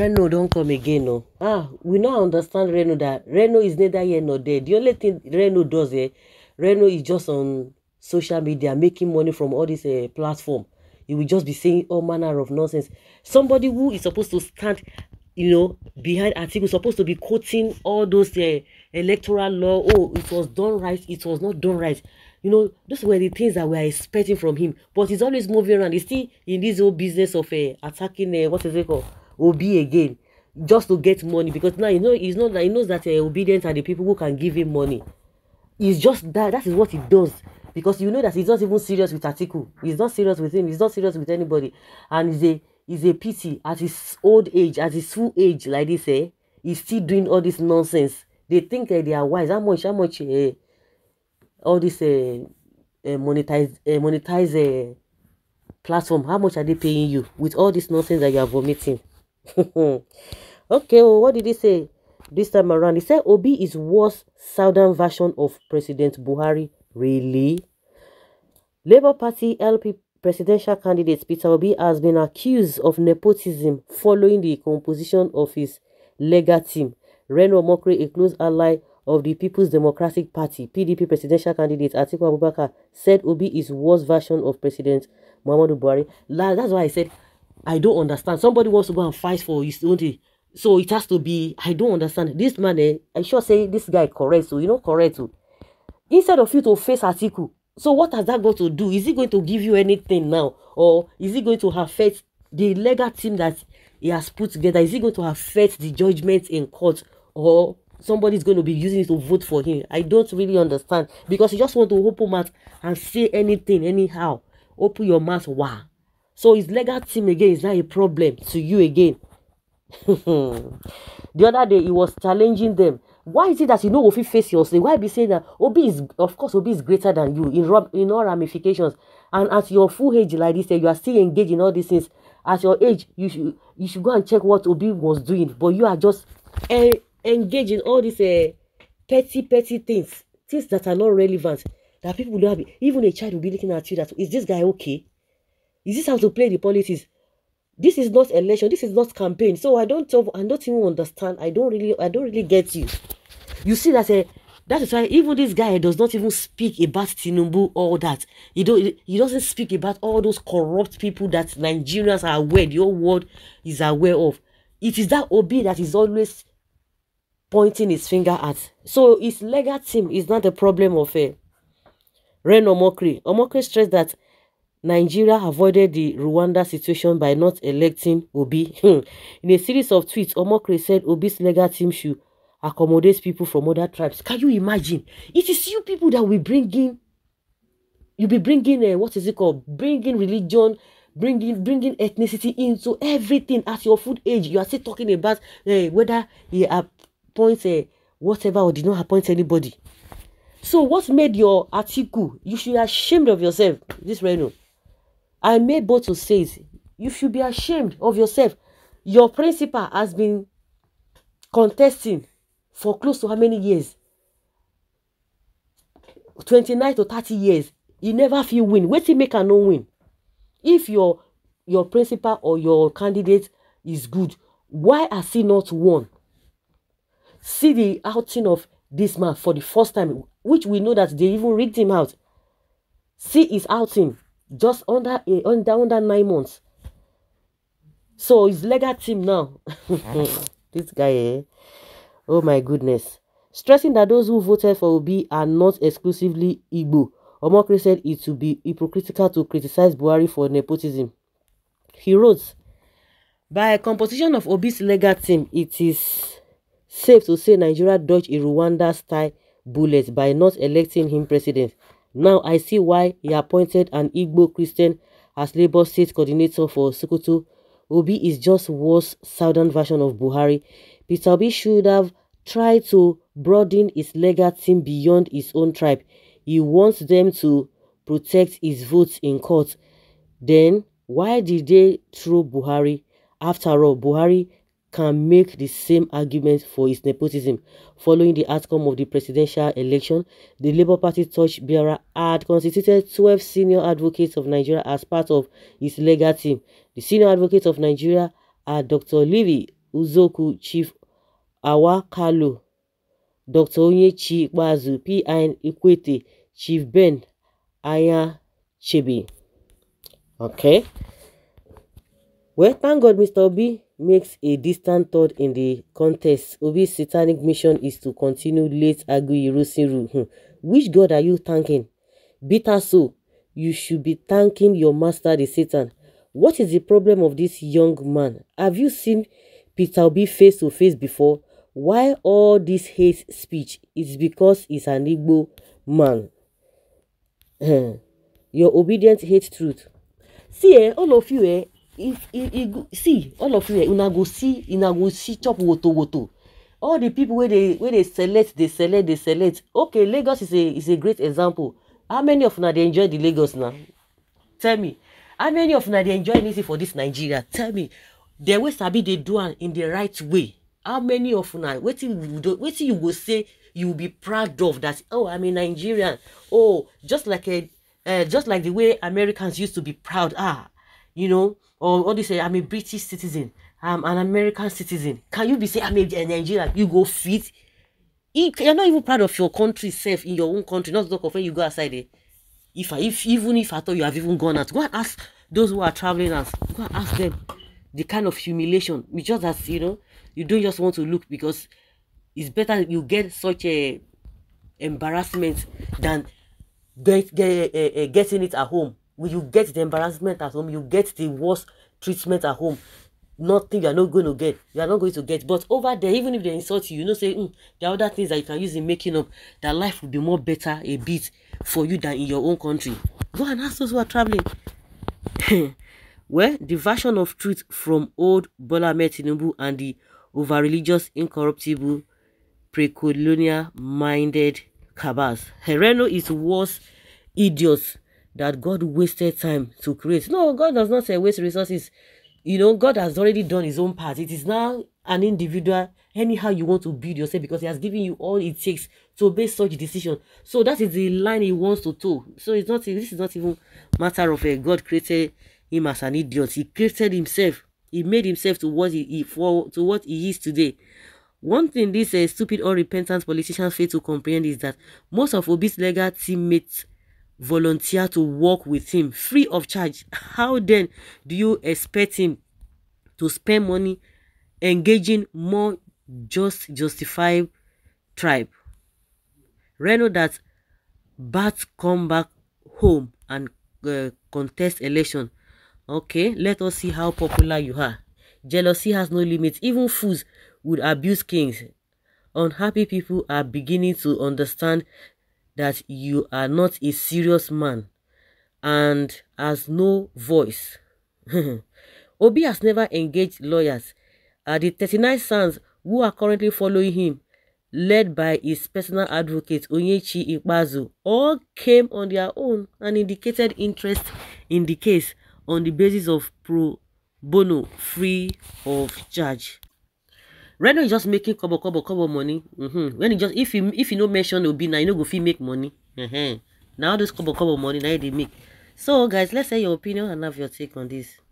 Reno not come again no. ah we now understand Reno that Reno is neither here nor there the only thing Reno does eh Reno is just on social media making money from all this uh, platform He will just be saying all manner of nonsense somebody who is supposed to stand you know behind articles supposed to be quoting all those uh, electoral law oh it was done right it was not done right you know those were the things that we are expecting from him but he's always moving around he's still in this whole business of eh, attacking what is it called Obi again just to get money because now you know he's not that he knows that uh, eh, obedient are the people who can give him money. It's just that that is what he does because you know that he's not even serious with Atiku. He's not serious with him. He's not serious with anybody, and he's a he's a pity at his old age, at his full age like this. Eh, he's still doing all this nonsense. They think uh, they are wise. How much? How much? Uh, all this uh, uh, monetize uh, monetize uh, platform. How much are they paying you with all this nonsense that you are vomiting? okay, well, oh, what did he say this time around? He said Obi is worse southern version of President Buhari. Really? Labour Party LP presidential candidate Peter Obi has been accused of nepotism following the composition of his legal team. Reno Mokri, a close ally of the People's Democratic Party, PDP presidential candidate Atiku Abubakar, said Obi is worse version of President Muhammadu Buhari. That's why I said I don't understand. Somebody wants to go and fight for his own thing. So it has to be, I don't understand. This man, eh, I sure say this guy correct, so you know, correct. So. Instead of you to face Atiku, so what has that got to do? Is he going to give you anything now? Or is he going to affect the legal team that he has put together? Is he going to affect the judgment in court? Or somebody's going to be using it to vote for him? I don't really understand. Because you just want to open mouth and say anything anyhow. Open your mouth, wow. So his legal team again is not a problem to you again. the other day he was challenging them. Why is it that you know faces face say Why be saying that Obi is of course Obi is greater than you in in all ramifications? And at your full age like this, eh, you are still engaged in all these things. At your age, you should you should go and check what Obi was doing, but you are just uh, engaged in all these uh, petty petty things, things that are not relevant. That people will not even a child will be looking at you that is this guy okay? Is this how to play the politics? This is not election. This is not campaign. So I don't. I don't even understand. I don't really. I don't really get you. You see that a. Eh, that is why even this guy does not even speak about Tinubu all that. He don't he doesn't speak about all those corrupt people that Nigerians are aware, the whole world is aware of. It is that Obi that is always pointing his finger at. So his legal team is not a problem of a uh, eh, Ren Omokri. Omokri stressed that Nigeria avoided the Rwanda situation by not electing Obi. Hmm. In a series of tweets, Omokri said Obi's legal team should accommodate people from other tribes. Can you imagine? It is you people that will bring in, you'll be bringing, uh, what is it called? Bringing religion, bringing bringing ethnicity into everything at your food age. You are still talking about uh, whether he appoints uh, eh, whatever or did not appoint anybody. So what made your article? You should be ashamed of yourself, this Reno. I made both to say you should be ashamed of yourself. Your principal has been contesting for close to how many years? 29 to 30 years. You never feel win. Wait till make a no win. If your your principal or your candidate is good, why has he not won? See the outing of this man for the first time, which we know that they even rigged him out. See his outing just under, eh, under, under nine months. So his legal team now. this guy, eh? Oh my goodness. Stressing that those who voted for Obi are not exclusively Igbo. Omokri said it would be hypocritical to criticize Buhari for nepotism. He wrote, By composition of Obi's legal team, it is safe to say Nigeria dodged a Rwanda-style bullet by not electing him president. Now I see why he appointed an Igbo Christian as Labour state coordinator for Sokoto. Obi is just worse southern version of Buhari. Peter Obi should have tried to broaden his legal team beyond his own tribe. He wants them to protect his votes in court. Then, why did they throw Buhari? After all, Buhari can make the same argument for its nepotism. Following the outcome of the presidential election, the Labour Party torchbearer had constituted 12 senior advocates of Nigeria as part of its legal team. The senior advocates of Nigeria are Dr. Livy Uzoku, Chief Awa Kalu, Dr. Onyechi Wazu, P.I.N. Ikwete, Chief Ben Aya Chebe. Okay. Well, thank God Mr. Obi makes a distant third in the contest. Obi's satanic mission is to continue late Agui hmm. Which God are you thanking? Bitter soul, you should be thanking your master the Satan. What is the problem of this young man? Have you seen Peter Obi face to face before? Why all this hate speech? It's because he's an Igbo man. Hmm. your obedience hates truth. See, eh, all of you, eh, if e see all of you eh, una go see una go see chop woto woto all the people wey dey wey dey select dey select dey select okay lagos is a is a great example how many of una dey enjoy the lagos na tell me how many of una dey enjoy anything for this nigeria tell me dem wey sabi dey do am in the right way how many of una wetin wetin you go say you be proud of that oh i'm a nigerian oh just like a uh, eh, eh, just like the way americans used to be proud ah you know, or all they say, I'm a British citizen, I'm an American citizen. Can you be saying I'm a, Nigerian? You go fit. You're not even proud of your country self in your own country, not to talk of when you go outside If, I, if even if I thought you have even gone out, go and ask those who are traveling us, go and ask them the kind of humiliation. we just as you know, you don't just want to look because it's better you get such a embarrassment than get, get, uh, uh, getting it at home you get the embarrassment at home you get the worst treatment at home nothing you are not going to get you are not going to get but over there even if they insult you you know say mm, there are other things that you can use in making up that life will be more better a bit for you than in your own country go and ask those who are traveling well the version of truth from old bola Metinubu and the over religious incorruptible pre-colonial minded Kabas hereno is worse idiots that God wasted time to create. No, God does not say waste resources. You know, God has already done his own part. It is now an individual, anyhow you want to build yourself because he has given you all it takes to make such decision. So that is the line he wants to toe. So it's not this is not even matter of a uh, eh, God created him as an idiot. He created himself. He made himself to what he, he for to what he is today. One thing these uh, stupid or repentant politicians fail to comprehend is that most of Obi's legal teammates volunteer to work with him free of charge. How then do you expect him to spend money engaging more just justified tribe? Reno that Bats come back home and uh, contest election. Okay, let us see how popular you are. Jealousy has no limits. Even fools would abuse kings. Unhappy people are beginning to understand that you are not a serious man and has no voice. Obi has never engaged lawyers. Uh, the 39 sons who are currently following him, led by his personal advocate Onyechi Ikpazu, all came on their own and indicated interest in the case on the basis of pro bono free of charge. right now he's just making kobo kobo kobo money mm-hmm. when he just if you if you no mention obi now you know go fit make money mm-hmm. now those kobo kobo money now they make so guys let's say your opinion and have your take on this